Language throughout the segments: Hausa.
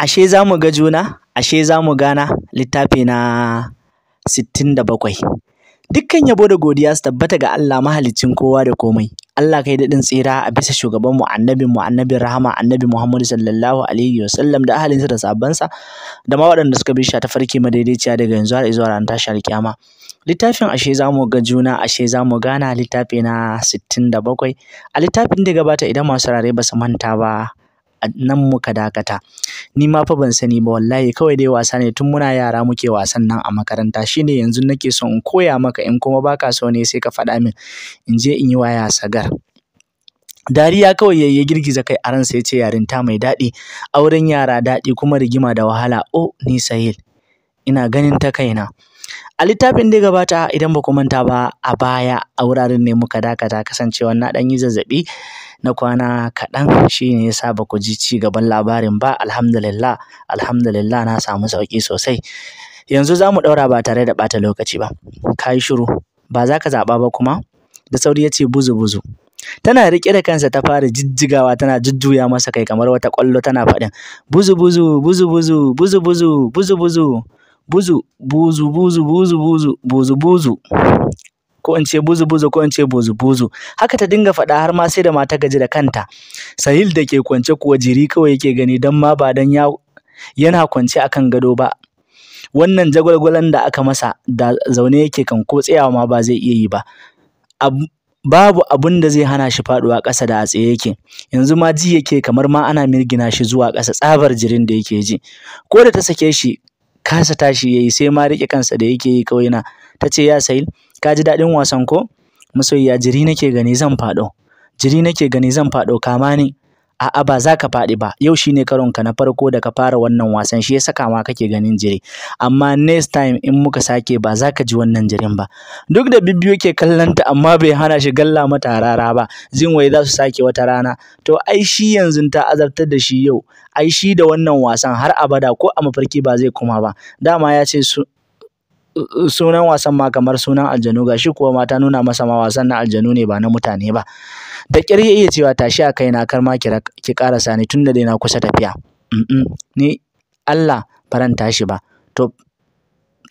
ashe za mu ga juna ashe za mu gana littafi na sittin da bakwai dukkan yabo da godiya su tabbata ga Allah mahaliccin kowa da komai Allah kai daɗin tsira a bisa shugabanmu annabinmu annabin rahama annabi Muhammadu sallallahu alaihi wasallam da ahalinsa da sabansa da ma waɗanda suka bi shi ta farki madaidaiciya daga yanzu har zuwa ran tashar alkiyama littafin ashe za mu ga juna ashe za mu gana littafi na sittin da bakwai a littafin da gabata idan masu rare ba su manta ba nan muka dakata ni ma fa ban sani ba wallahi kawai dai wasa ne tun muna yara muke wasan nan a makaranta shine yanzu nake so in koya maka in kuma baka so ne sai ka faɗa min in je in yi waya sagar dariya kawai ya girgiza kai a ransa ya ce yarinta mai daɗi auren yara daɗi kuma rigima da wahala oh ni sahil ina ganin ta kaina a littafin da gabata idan ba ku manta ba a baya a wuraren ne muka dakata kasancewa na ɗan yi zazzaɓi na kwana kaɗan shi ne ya sa ba ku ji ci gaban labarin ba alhamdulillah alhamdulillah na samu sauƙi sosai yanzu za mu ɗaura ba tare da ɓata lokaci ba ka yi shiru ba za ka zaɓa ba kuma da sauri ya ce buzu buzu tana riƙe da kansa ta fara jijjigawa tana jujjuya masa kai kamar wata ƙwallo tana faɗin buzu buzu buzu buzu buzu buzu buzu buzu buzu buzu buzu buzu buzu buzu buzu ko in ce buzu buzu ko in ce buzu buzu haka ta dinga faɗa har ma sai da mata gaji da kanta sahil da ke kwance kuwa jiri kawai yake gani dan ma ba dan yana kwance akan gado ba wannan jagwalgwalan da aka masa da zaune yake kan ko tsayawa ma ba zai iya yi ba babu abun da zai hana shi faduwa ƙasa da a tsaye yake yanzu ma ji yake kamar ma ana mirgina shi zuwa ƙasa tsabar jirin da yake ji ko da ta sake shi kasa tashi yayi sai ma rike kansa da yake yi kawai na tace ya sayil Ka ji daɗin wasan ko? Masoyiya jiri nake gani zan faɗo. Jiri nake gani zan faɗo kama ni. A'a ba za ka faɗi ba. Yau shine karon ka na farko da ka fara wannan wasan shi ya saka ma kake ganin jiri. Amma next time in muka sake ba za ka ji wannan jirin ba. Duk da Bibbiyu ke ta amma bai hana shi galla mata rara ba. Jin wai za su sake wata rana. To ai shi yanzu ta azabtar da shi yau. Ai shi da wannan wasan har abada ko a mafarki ba zai kuma ba. Dama ya ce su sunan wasan ma kamar sunan aljanu gashi kuwa mata nuna masa ma wasan na aljanu ne ba na mutane ba da ƙyar ya iya cewa tashi a kaina kar ma ki ƙarasa ni tunda dai na kusa tafiya ni Allah faran tashi ba to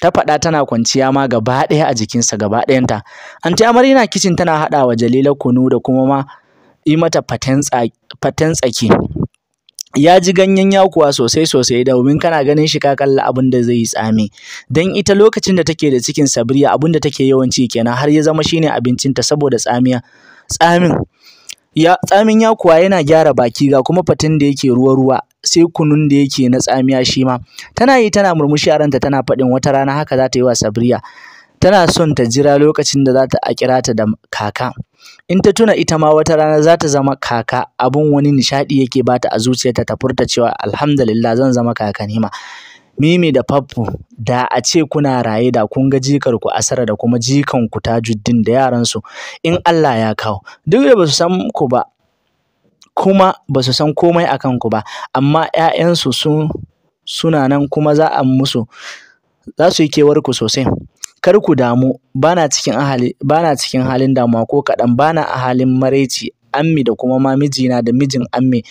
ta faɗa tana kwanciya ma gaba ɗaya a jikinsa gaba ɗayanta anti amarina kicin tana haɗa wa jalila kunu da kuma ma yi mata faten tsaki ya ji ganyen yakuwa sosai sosai domin kana ganin shi ka kalla abin da zai yi tsami dan ita lokacin da take da cikin sabriya abin da take yawanci ci kenan har ya zama shine abincinta saboda tsamiya tsamin ya tsamin yakuwa yana gyara baki ga kuma fatin da yake ruwa ruwa sai kunun da yake na tsamiya shi ma tana yi tana murmushi a tana faɗin wata rana haka za ta yi wa sabriya tana son ta jira lokacin da za ta a kira ta da kaka in ta tuna ita ma wata rana za ta zama kaka abun wani nishaɗi yake bata a zuciyarta ta furta cewa alhamdulillah zan zama kaka nima Mimi da Faffu da a ce kuna raye da kun ga jikarku Asara da kuma jikanku Juddin da yaransu in Allah ya kawo duk da ba su san ku ba kuma ba san komai akan ku ba amma ‘ya'yansu sun suna nan kuma za a musu za su yi kewarku sosai kar ku damu bana cikin ahali bana cikin halin damuwa ko kaɗan bana a halin maraici ammi da kuma ma mijina da mijin ammi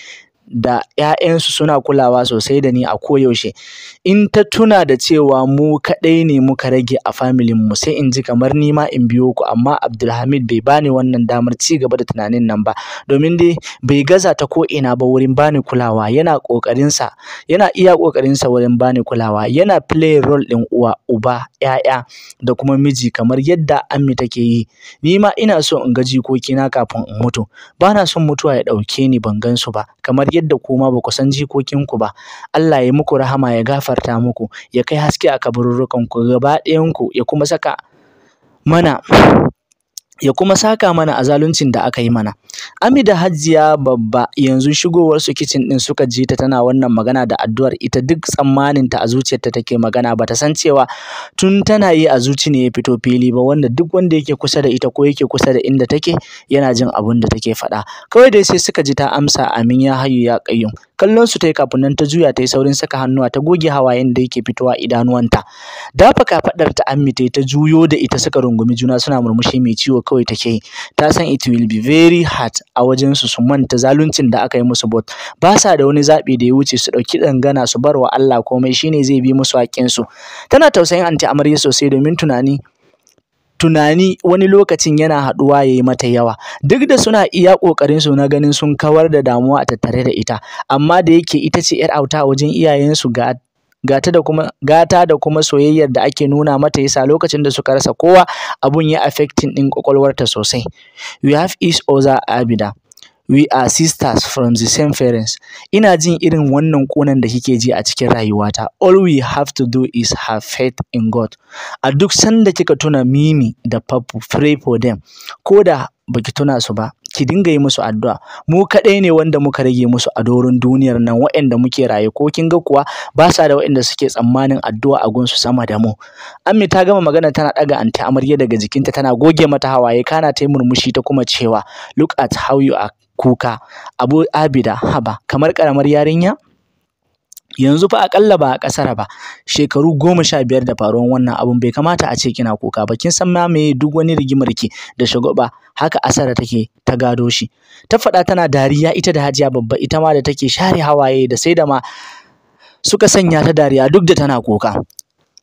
da 'ya'yansu suna kulawa sosai da ni a koyaushe in ta tuna da cewa mu kaɗai ne muka rage a familin mu sai in ji kamar ni ma in biyo ku amma Abdulhamid bai bani wannan damar ci gaba da tunanin nan ba domin dai bai gaza ta ko ina ba wurin bani kulawa yana kokarin yana iya kokarin wurin bani kulawa yana play role din uwa uba 'ya'ya, da kuma miji kamar yadda Ammi take yi ni ma ina so in ga jikokina kafin in mutu bana son mutuwa ya ɗauke ni ban gan su ba kamar yadda kuma ba ku san jikokinku ba Allah ya muku rahama ya gafara gafarta muku ya kai haske a kaburrukanku gaba ɗayanku ya kuma saka mana ya kuma saka mana a zaluncin da aka yi mana. ami da Hajiya babba yanzu shigowar su kitchen din suka ji ta tana wannan magana da addu'ar ita duk tsammanin ta a zuciyarta take magana bata san cewa tun tana yi a zuci ne ya fito fili ba wanda duk wanda yake kusa da ita ko yake kusa da inda take yana jin abun da take faɗa. Kawai dai sai suka ji ta amsa amin ya hayu ya qayyum kallon su ta yi kafin nan ta juya ta yi saurin saka hannuwa ta goge hawayen da yake fitowa idanuwanta dafa kafadar ta ammi ta ta juyo da ita suka rungumi juna suna murmushi mai ciwo kawai take yi ta san it will be very hard a wajen su su manta zaluncin da aka yi musu bot ba sa da wani zaɓi da ya wuce su ɗauki dangana su bar wa Allah komai shine zai bi musu haƙƙin su tana tausayin anti amarya sosai domin tunani tunani wani lokacin yana haɗuwa ya yi mata yawa duk da suna iya ƙoƙarinsu na ganin sun kawar da damuwa a tattare da ita amma da yake ita ce 'yar auta a wajen iyayensu ga gata da kuma gata da kuma soyayyar da ake nuna mata yasa lokacin da suka rasa kowa abun ya affecting ɗin kwakwalwarta sosai you have is oza abida we are sisters from the same parents ina jin irin wannan ƙunan da kike ji a cikin rayuwata all we have to do is have faith in God a duk sanda kika tuna mimi da papu pray for them ko da baki tuna su ba ki dinga yi musu addu'a mu kaɗai ne wanda muka rage musu a doron duniyar nan waɗanda muke raye ko kin ga kuwa ba sa da waɗanda suke tsammanin addu'a a gunsu sama da mu ammi ta gama magana tana ɗaga anti amarya daga jikinta tana goge mata hawaye kana ta murmushi ta kuma cewa look at how you are kuka abu abida haba kamar karamar yarinya yanzu fa akalla ba a ƙasar ba shekaru goma sha biyar da faruwan wannan abun bai kamata a ce kina kuka ba kin san mamaye duk wani rigimar ki da ba, haka asara take ta gado shi ta faɗa tana dariya ita da hajiya babba ita ma da take share hawaye da sai da ma suka sanya ta dariya duk da tana kuka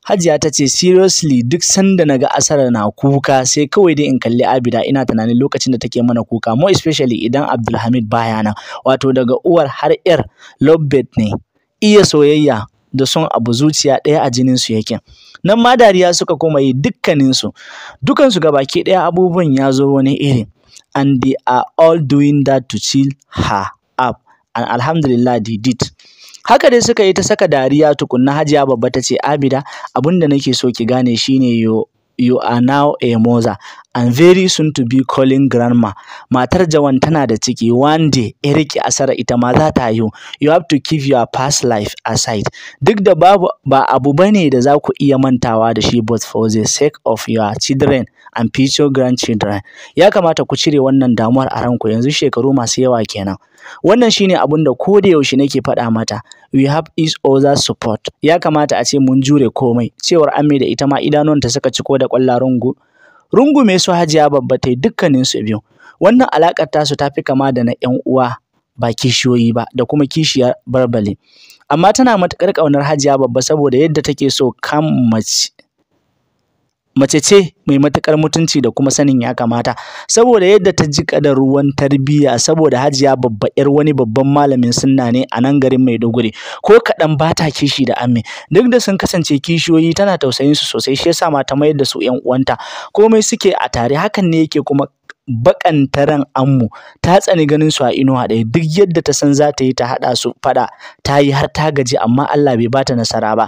Hajiya ta ce seriously duk sanda naga Asara na kuka sai kawai dai in kalli Abida ina tunanin lokacin da take mana kuka more especially idan Abdulhamid baya nan wato daga uwar har yar lovebird ne iya soyayya da son abu zuciya ɗaya a jinin su yake nan ma dariya suka koma yi dukkanin su dukan su gabaki ɗaya abubuwan ya zo wani iri and they are all doing that to chill her up and alhamdulillah they did Haka dai suka yi ta saka dariya tukunna Hajiya Babba ta ce Abida abin da nake so ki gane shine yo you are now a mother and very soon to be calling grandma matar jawan tana da ciki one day asara ita ma za ta haihu you have to keep your past life aside duk da babu ba abu bane da za ku iya mantawa da shi both for the sake of your children and future grandchildren ya kamata ku cire wannan damuwar a ranku yanzu shekaru masu yawa kenan wannan shine abin da ko da yaushe nake faɗa mata we have each other support ya kamata a ce mun jure komai cewar amme da ita ma idanuwanta suka ciko da ƙwallon rungu Rungu mai su hajiya babba ta dukkanin su biyu wannan alakar tasu ta fi kama da na 'yan uwa ba kishiyoyi ba da kuma kishiyar barbale amma tana matuƙar ƙaunar hajiya babba saboda yadda take so kan mace ce mai matukar mutunci da kuma sanin ya kamata saboda yadda ta ji kadar ruwan tarbiyya saboda hajiya babba yar wani babban malamin sunna ne a nan garin Maiduguri ko kadan bata kishi da amme duk da sun kasance kishiyoyi tana tausayin su sosai shi yasa ma ta mayar da su yan uwanta komai suke a tare hakan ne yake kuma bakan taran ammu ta tsani ganin su a inuwa ɗaya duk yadda ta san za ta yi ta haɗa su faɗa ta yi har ta gaji amma Allah bai bata nasara ba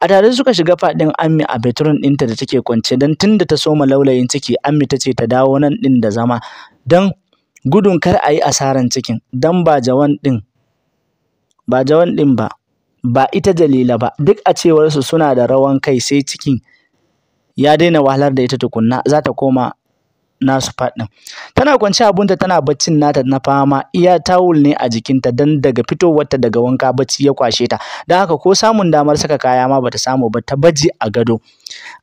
a tare suka shiga faɗin ammi a bedroom ɗinta da take kwance don tunda ta soma laulayin ciki ammi ta ce ta dawo nan ɗin da zama don gudun kar a yi asaran cikin don ba jawan ɗin ba jawan ɗin ba ba ita dalila ba duk a cewarsu suna da rawan kai sai cikin ya daina wahalar da ita tukunna za ta koma nasu faɗin tana kwance abinta tana baccin nata na fama iya tawul ne a jikinta dan daga fitowarta daga wanka bacci ya kwashe ta don haka ko samun damar saka kaya ma bata samu ba ta baji a gado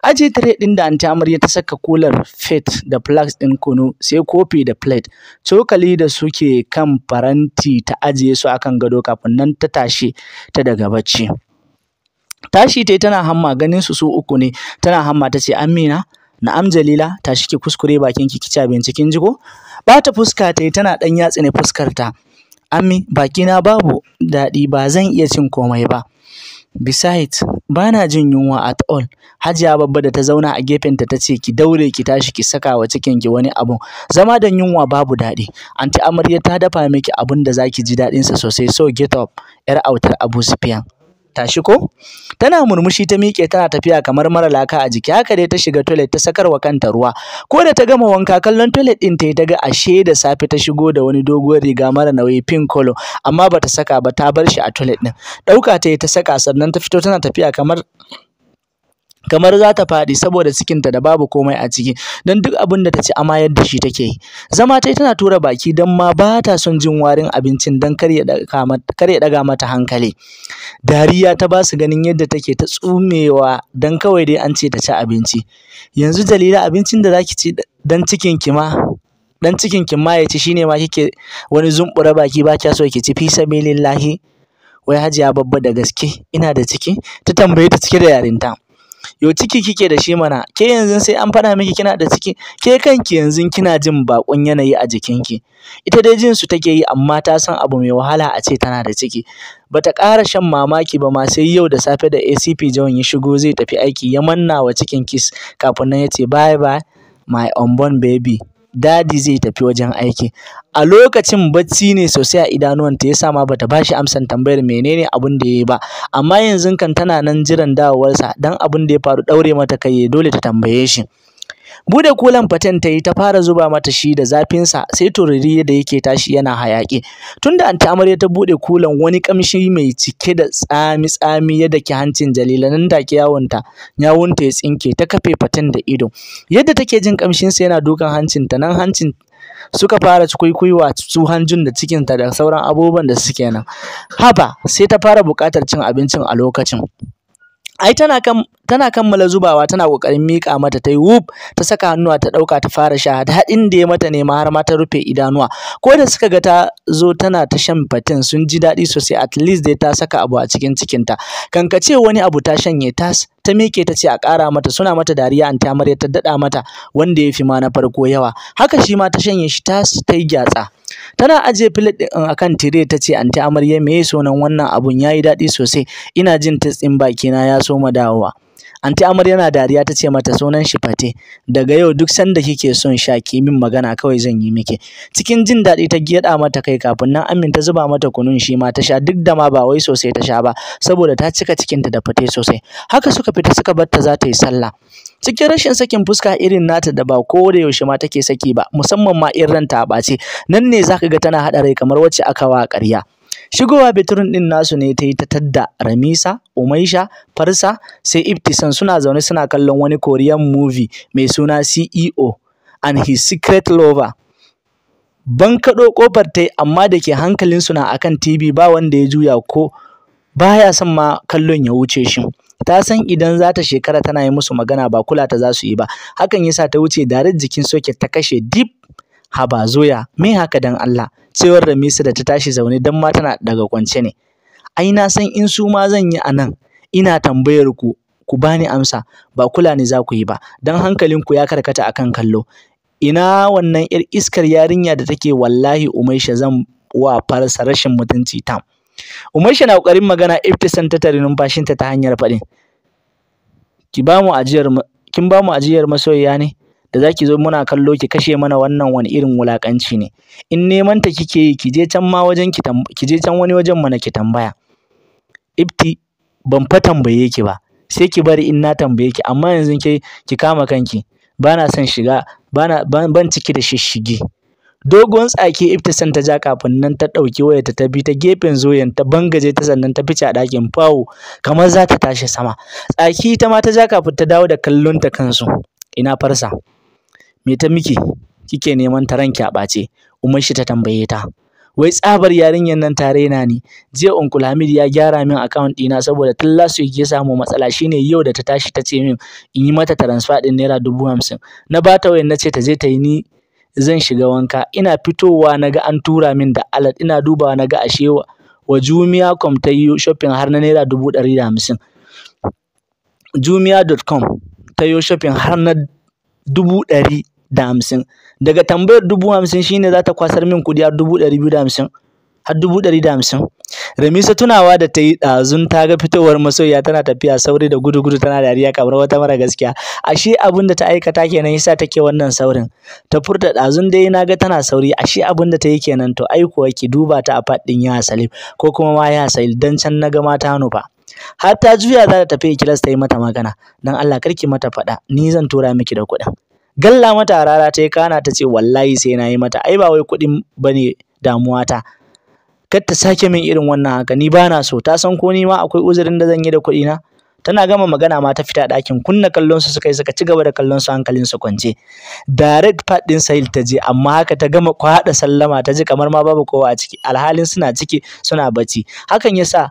aje tare din da anti amarya ta saka kular fet da flax ɗin kunu sai kofi da plate cokali da suke kan faranti ta ajiye su akan gado kafin nan ta tashi ta daga bacci tashi tai tana hamma ganin su su uku ne tana hamma ta ce amina Na'am Jalila tashi ki kuskure bakin ki kici abinci kin jigo? Ba ta fuska tayi tana ɗan yatsa ne fuskar ta. Ammi bakina babu daɗi ba zan iya cin komai ba. Besides, ba na jin yunwa at all. Hajiya babba da ta zauna a gefenta ta ce ki daure ki tashi ki saka wa cikin ki wani abu. Zama da yunwa babu daɗi. Anti Amarya ta dafa miki abun da zaki ki ji daɗinsa sosai so get up, ‘yar autar Abu Sufyan. tashi ko tana murmushi ta miƙe tana tafiya kamar mara laka a jiki haka dai ta shiga toilet ta sakar wa kanta ruwa ko da ta gama wanka kallon toilet din ta daga ashe da safe ta shigo da wani doguwar riga mara nauyi pink color amma bata saka ba ta bar shi a toilet din ɗauka ta yi ta saka sannan ta fito tana tafiya kamar kamar za ta faɗi saboda cikinta da babu komai a ciki don duk abin da ta ci amma yadda shi take yi zama tai tana tura baki don ma ba ta son jin warin abincin don kar ya ɗaga mata hankali dariya ta ba su ganin yadda take ta tsumewa don kawai dai an ce ta ci abinci yanzu jalila abincin da za ki ci don cikin ki ma dan cikin ki ma ya ci shine ma kike wani zumbura baki ba kya so ki ci fi sabilillahi wai hajiya babba da gaske ina da ciki ta tambaye ta cike da yarinta yo ciki kike da shi mana ke yanzu sai an faɗa miki kina da ciki ke kanki yanzu kina jin bakon yanayi a jikinki ita dai jin su take yi amma ta san abu mai wahala a ce tana da ciki bata ƙara shan mamaki ba ma sai yau da safe da ACP John ya shigo zai tafi aiki ya manna wa cikin kiss kafin nan yace ce bye bye my unborn baby dadi zai tafi wajen aiki a lokacin bacci ne sosai a idanuwanta ya ma bata bashi amsan tambayar menene abin da ya yi ba amma yanzu kan tana nan jiran dawowarsa dan abin da ya faru daure mata kai dole ta tambaye shi Bude kulan faten ta yi ta fara zuba mata shi da zafinsa sai tururi da yake tashi yana hayaki, Tunda anti amarya ta bude kulan wani kamshi mai cike da tsami-tsami ya daki hancin Jalila nan ke yawunta yawunta ya tsinke ta kafe faten da ido. Yadda take jin sa yana dukan ta, nan hancin suka fara kwaikwaiwa su hanjun da cikinta da sauran abubuwan da suke nan. Haba sai ta fara buƙatar cin abincin a lokacin. Ai tana kan tana kammala zubawa tana kokarin mika mata yi wup ta saka hannuwa ta dauka ta fara sha Hadin da ya mata ne har ma ta rufe idanuwa ko da suka ga ta zo tana ta shan fatin sun ji daɗi sosai at least dai ta saka abu a cikin cikinta kankace wani abu ta shanye ta ta miƙe ta ce a ƙara mata suna mata dariya an ta ta daɗa mata wanda ya fi ma na farko yawa haka shi ma ta shanye shi ta ta yi gyatsa tana ajiye filet ɗin um, a kan tire ta ce an ta amarya me sunan wannan abun ya yi daɗi sosai ina jin titsin bakina ya so ma dawowa anti amar yana dariya ta ce mata sunan shi fate daga yau duk sanda kike son sha ki min magana kawai zan yi miki cikin jin daɗi ta gyaɗa mata kai kafin nan amin ta zuba mata kunun shi ma ta sha duk da ma ba wai sosai ta sha ba saboda ta cika cikinta da fate sosai haka suka fita suka bar ta za ta yi sallah cikin rashin sakin fuska irin nata da ba ko da yaushe ma take saki ba musamman ma irin ranta a ɓace nan ne zaka ga tana haɗa rai kamar wacce aka wa ƙarya shigowa bitrun din nasu ne ta yi ta tadda ramisa umaisha farsa sai ibtisan suna zaune suna kallon wani korean movie mai suna ceo and his secret lover ban kaɗo ƙofar ta amma da ke su na akan tv ba wanda ya juya ko baya son ma kallon ya wuce shi ta san idan za ta shekara tana yi musu magana ba kula ta za su yi ba hakan yasa ta wuce dare jikin soket ta kashe dip haba zoya me haka dan Allah cewar da misa da ta tashi zaune don ma tana daga kwance ne. Ai na san in su ma zan yi a nan, ina tambayar ku, ku bani amsa, ba kula ne za ku yi ba, don hankalinku ya karkata akan kallo. Ina wannan 'yar iskar yarinya da take wallahi Umaisha zan wa farsa rashin mutunci tam. Umaisha na ƙoƙarin magana Iftisan ta tare numfashinta ta hanyar faɗin. Ki kin ba mu ajiyar masoyiya ne? da zaki zo muna kallo ki kashe mana wannan wani irin wulakanci ne in neman ta kike yi ki je can ma wajen ki ki can wani wajen mana ki tambaya ifti ban fa tambaye ki ba sai ki bari in na tambaye ki amma yanzu ke ki kama kanki bana son shiga bana ban ciki da shishigi dogon tsaki iftisan ta ja kafin nan ta ɗauki wayarta ta bi ta gefen zoyen ta bangaje ta sannan ta fice a ɗakin fawo kamar za ta tashi sama tsaki ta ma ta ja kafin ta dawo da kallon ta kansu ina farsa me ta miki kike neman ta ranki a ɓace shi ta tambaye ta wai tsabar yarinyar nan tare na ni jiya uncle Hamid ya gyara min account ɗina saboda tun last week ya samu matsala shine yau da ta tashi ta ce min in yi mata transfer ɗin naira dubu na bata ta wayan na ta je ta yi ni zan shiga wanka ina fitowa na ga an tura min da alert ina dubawa na ga ashe wa com ta yi shopping har na naira dubu jumia.com ta yi shopping har na dubu ɗari da hamsin daga tambayar dubu hamsin shine za ta kwasar min kuɗi har dubu ɗari biyu da hamsin har dubu ɗari da hamsin Ramisa tunawa da ta yi ɗazun ta ga fitowar masoya tana tafiya sauri da gudu gudu tana dariya kamar wata mara gaskiya ashe abin da ta aikata kenan yasa take wannan saurin ta furta ɗazun dai na ga tana sauri ashe abin da ta yi kenan to ai kuwa ki duba ta a faɗin ya salim ko kuma ma ya salim dan can na ga mata nufa har ta juya za ta tafi ikilas ta yi mata magana dan Allah karki mata faɗa ni zan tura miki da kuɗin galla mata a rara ta yi kana ta ce wallahi sai na yi mata ai ba wai kuɗin ba ne damuwata kar ta sake min irin wannan haka ni ba so ta san ko ni ma akwai uzurin da zan yi da kuɗi na? tana gama magana ma ta fita ɗakin kunna kallon su suka yi suka ci gaba da kallon su hankalin su kwance direct part ɗin sahil ta je amma haka ta gama haɗa sallama ta ji kamar ma babu kowa a ciki alhalin suna ciki suna bacci hakan yasa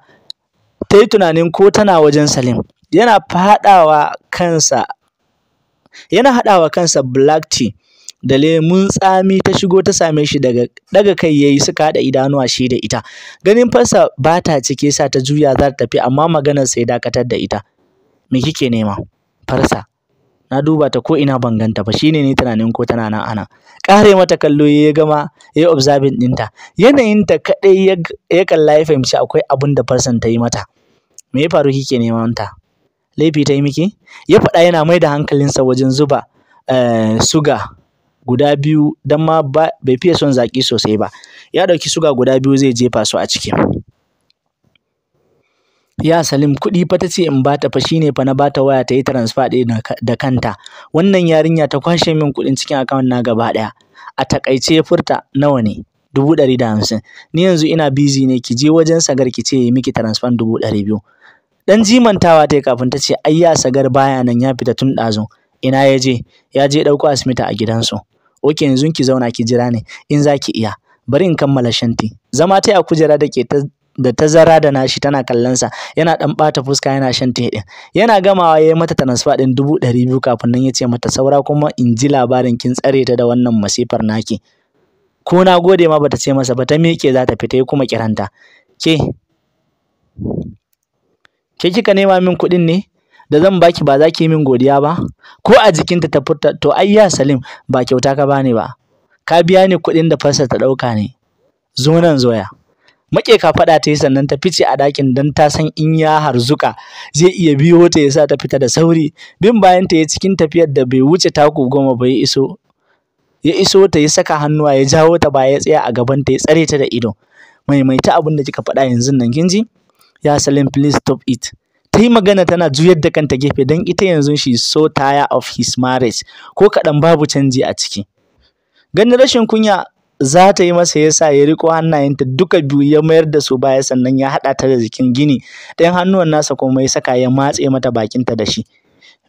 ta yi tunanin ko tana wajen salim yana faɗawa kansa yana haɗawa kansa black tea da lemun tsami ta shigo ta same shi daga daga kai yayi suka haɗa idanuwa shi da ita ganin farsa ba ta cike sa ta juya za ta tafi amma maganar sai dakatar da ita me kike nema farsa na duba ta ko ina ban ganta ba shine ni tunanin ko tana nan ana kare mata kallo ya gama ya observing ɗinta yanayin ta kadai ya kalla ya fahimci akwai abin da farsan ta yi mata me ya faru kike neman ta laifi ta yi miki ya faɗa yana mai da hankalinsa wajen zuba eh, suga guda biyu don ma bai fiye son zaƙi sosai ba ya ɗauki suga guda biyu zai jefa su a ciki ya salim kuɗi fa ta ce in ba ta fa shi ne fa na bata waya ta yi transfer ɗin da kanta wannan yarinya ta kwashe min kuɗin cikin account na gaba ɗaya a takaice furta nawa ne dubu ɗari da hamsin ni yanzu ina busy ne ki je wajen sagar ki ce yi miki transfer dubu ɗari biyu dan jimantawa ta kafin ta ce ai ya sagar baya nan ya fita tun ɗazu ina ya je ya je ɗauko asmita a gidansu Ok yanzu ki zauna ki jira ne in za ki iya bari in kammala shanti zama ta a kujera da ke ta da tazara da nashi tana kallon sa, yana ɗan bata fuska yana shan tea din yana gamawa yayi mata transfer din dubu ɗari biyu kafin nan yace mata saura kuma in ji labarin kin tsare ta da wannan masifar naki ko na gode ma bata ce masa ba ta miƙe za ta fita kuma kiranta ke ke kika nema min kuɗin ne da zan baki ba za ki min godiya ba ko a jikinta ta furta to ai ya Salim ba kyauta ka bani ba ka biya ni kuɗin da fasa ta ɗauka ne zo nan zoya maƙe ka faɗa ta yi sannan ta fice a ɗakin don ta san in ya harzuka zai iya biyo ta ya sa ta fita da sauri bin bayan ta ya cikin tafiyar da bai wuce taku goma ba ya iso ya iso ta ya saka hannuwa ya jawo ta ba ya tsaya a gaban ta ya tsare ta da ido maimaita abin da kika faɗa yanzu nan kin ji ya salim please stop it ta yi magana tana juyar da kanta gefe don ita yanzu shi so tire of his marriage ko kaɗan babu canji a ciki ganin rashin kunya za ta yi masa yasa ya riko hannayenta duka biyu ya mayar da su baya sannan ya haɗa ta da jikin gini ɗayan hannuwan nasa kuma ya saka ya matse mata bakinta da shi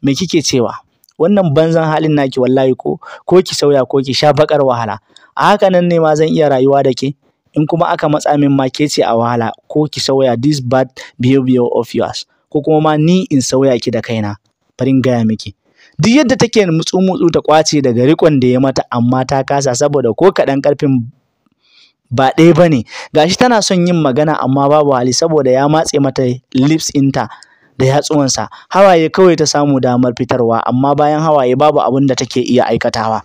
me kike cewa wannan banzan halin naki wallahi ko ko ki sauya ko ki sha bakar wahala a hakanan ne ma zan iya rayuwa da ke in kuma aka matsa min ma ke ce a wahala ko ki sauya this bad behavior of yours ko kuma ma ni in sauya ki da kaina farin gaya miki duk yadda take mutsu mutsu ta kwace daga rikon da ya mata amma ta kasa saboda ko kaɗan karfin ba ɗaya ba ne, gashi tana son yin magana amma babu hali saboda ya matse mata lips inta da yatsuwansa hawaye kawai ta samu damar fitarwa amma bayan hawaye babu abin da take iya aikatawa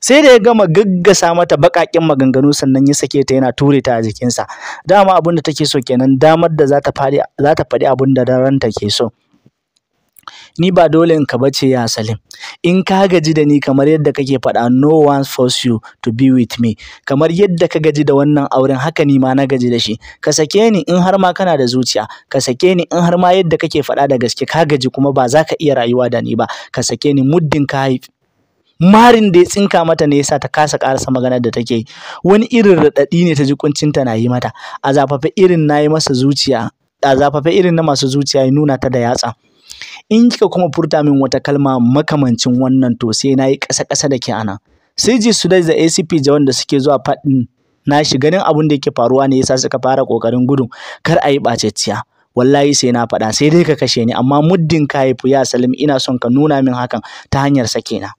sai da ya gama gaggasa mata baƙaƙen maganganu sannan ya sake ta yana ture ta a jikinsa dama abin da take so kenan damar da za ta faɗi abin da ranta ke so ni ba dole in ka bace ya Salim. In ka gaji da ni kamar yadda kake faɗa no one force you to be with me. Kamar yadda ka gaji da wannan auren haka ni ma na gaji da shi. Ka sake ni in har ma kana da zuciya, ka sake ni in har ma yadda kake faɗa da gaske ka gaji kuma ba za ka iya rayuwa da ni ba. Ka sake ni muddin ka haifi marin da ya tsinka mata ne yasa ta kasa karasa maganar da take yi wani irin raɗaɗi ne ta ji kuncinta na yi mata a zafafe irin na yi masa zuciya a zafafe irin na masu zuciya ya nuna ta da yatsa in kika kuma furta min wata kalma makamancin wannan to sai na yi ƙasa-ƙasa da ke ana sai ji su da acp jawan da suke zuwa faɗin shi ganin abin da yake faruwa ne yasa suka fara ƙoƙarin gudun kar a yi ɓacecciya wallahi sai na faɗa sai dai ka kashe ni amma muddin ka haifu ya salim ina son ka nuna min hakan ta hanyar sake na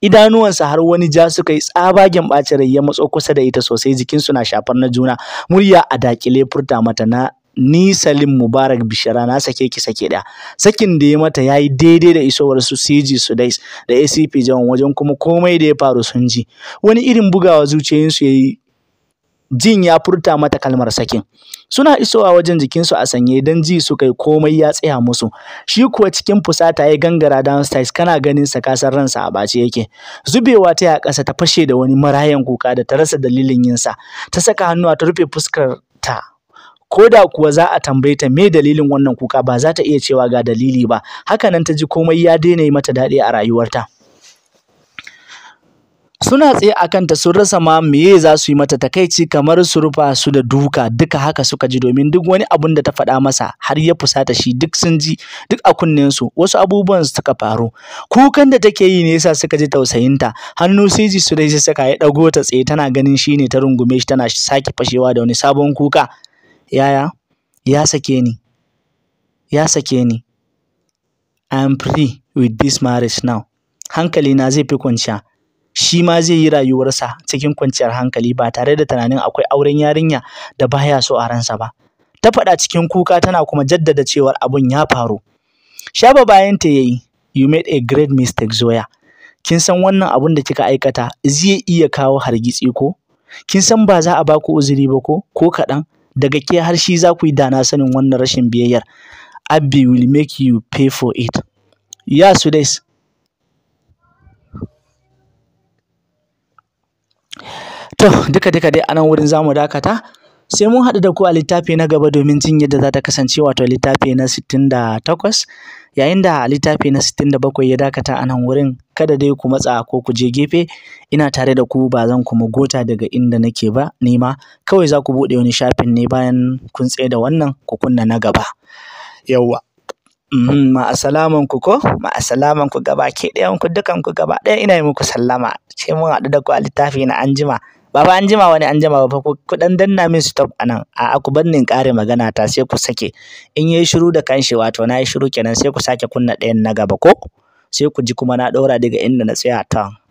idanuwansa har wani ja suka yi tsabagen ɓacin rai ya matso kusa da ita sosai jikinsu na shafar na juna murya a dakile furta mata na ni Salim Mubarak Bishara na sake ki sake da sakin da ya mata yayi daidai da isowar su CG Sudais da ACP Jawan wajen kuma komai da ya faru sun ji wani irin bugawa zuciyoyin su yayi jin ya furta mata kalmar sakin suna isowa wajen jikinsu a sanye dan ji su kai komai ya tsaya musu shi kuwa cikin fusata ya gangara dan downstairs kana ganin sa kasar ransa a bace yake zubewa ta ya kasa ta fashe da wani marayan kuka da ta rasa dalilin yinsa ta saka hannu ta rufe fuskar ta ko da kuwa za a tambaye ta me dalilin wannan kuka ba za ta iya cewa ga dalili ba haka nan ta ji komai ya daina yi mata daɗi a rayuwarta suna tsaye a kanta sun rasa ma meye za su yi mata takaici kamar su rufa su da duka duka haka suka ji domin duk wani abun da ta faɗa masa har ya fusata shi duk sun ji duk a kunnen-su, wasu abubuwan suka faru kukan da take yi ne yasa suka ji tausayinta hannu siji su dai saka ya ɗago ta tsaye tana ganin shi ne ta rungume shi tana sake fashewa da wani sabon kuka yaya ya sake ni ya sake ni i am free with this marriage now hankalina zai fi kwanciya shi ma zai yi rayuwarsa cikin kwanciyar hankali ba tare da tunanin akwai auren yarinya da baya so a ransa ba ta faɗa cikin kuka tana kuma jaddada cewar abun ya faru shaba bayan ta yayi you made a great mistake zoya kin san wannan abun da kika aikata zai iya kawo hargitsi ko kin san ba za a baku uzuri ba ko ko kaɗan daga ke har shi za ku yi dana sanin wannan rashin biyayyar Abby will make you pay for it ya su dai to duka duka dai anan wurin zamu dakata Sai mun haɗu da ku a littafi na gaba domin jin yadda za ta kasance wato littafi na 68 yayin da littafi na 67 ya dakata a nan wurin kada dai ku matsa ko ku je gefe ina tare da ku ba zan kuma gota daga inda nake ba nima kawai za ku buɗe wani shafin ne bayan kun tsaye da wannan ku kunna na gaba. Yawwa. Mm-hmm. ma'asalaman ku ko ma'asalaman ku gaba ke ɗayan ku dukan ku gaba ɗaya ina yi muku sallama sai mun haɗu da ku a littafi na anjima ba fa an jima wani an jima ba fa ku dan danna min stop anan a ku bannin kare magana ta sai ku sake in yayi shiru da kanshi wato na yi shiru kenan sai ku sake kunna ɗayan na gaba ko sai ku ji kuma na ɗora daga inda na tsaya ta